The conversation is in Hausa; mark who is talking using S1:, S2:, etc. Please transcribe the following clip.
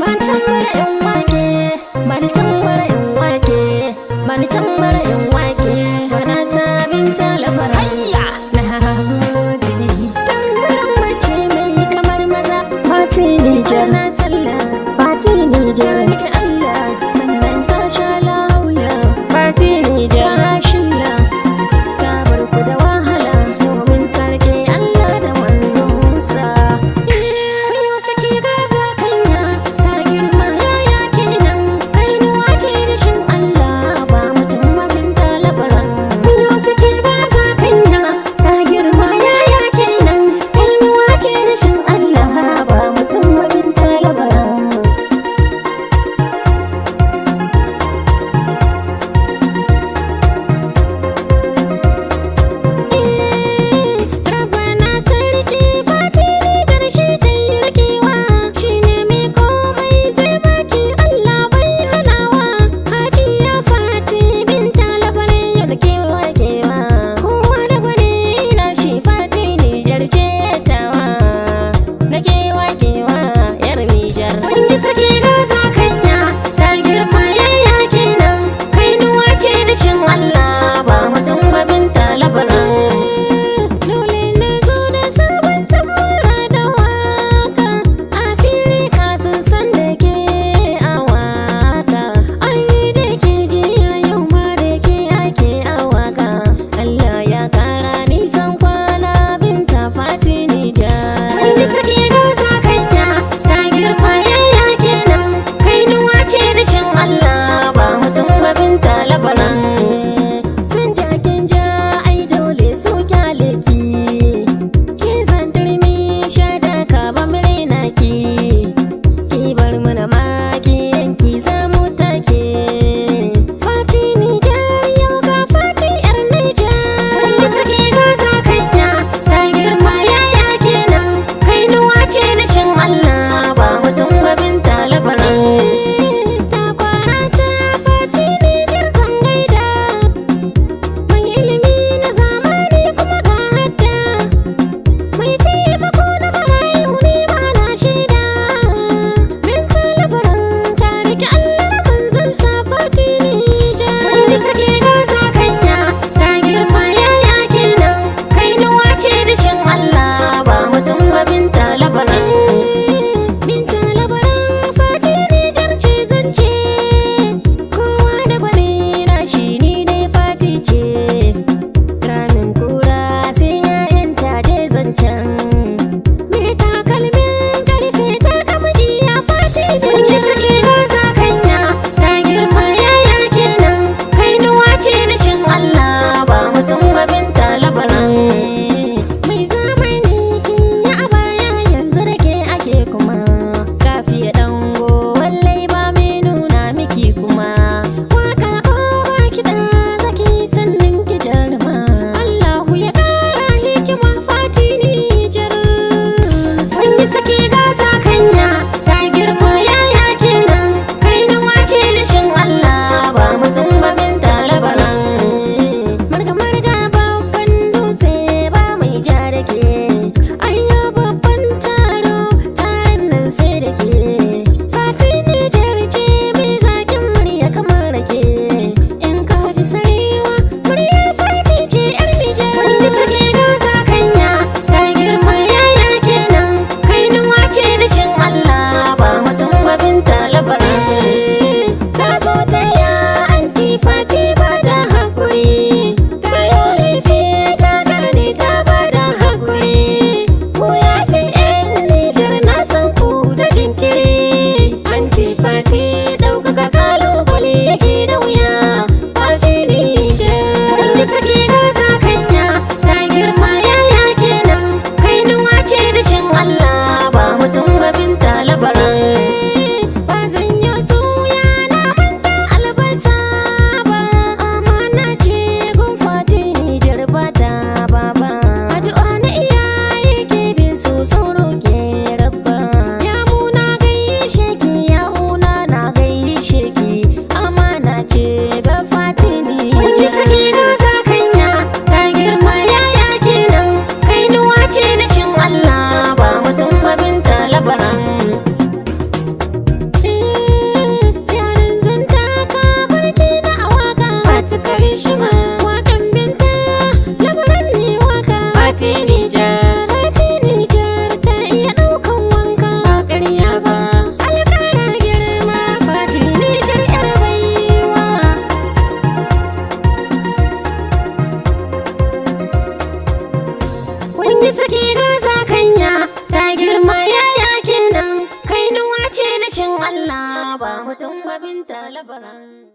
S1: matan mara 'yan wake malcin mara abin talabar shima binta labaran ne waka fati nijar ta iya ɗaukan wanka ƙarya ba alƙara girma fati nijar yar baiwa kun yi saki na zakanya ta girma yaya nan kai nawa ce rashin Allah ba mutum ba binta labaran